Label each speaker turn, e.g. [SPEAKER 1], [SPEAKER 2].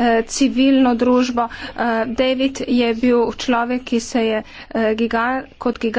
[SPEAKER 1] eh, civilno družbo. Eh, David je bil človek, ki se je eh, giga, kot gigant.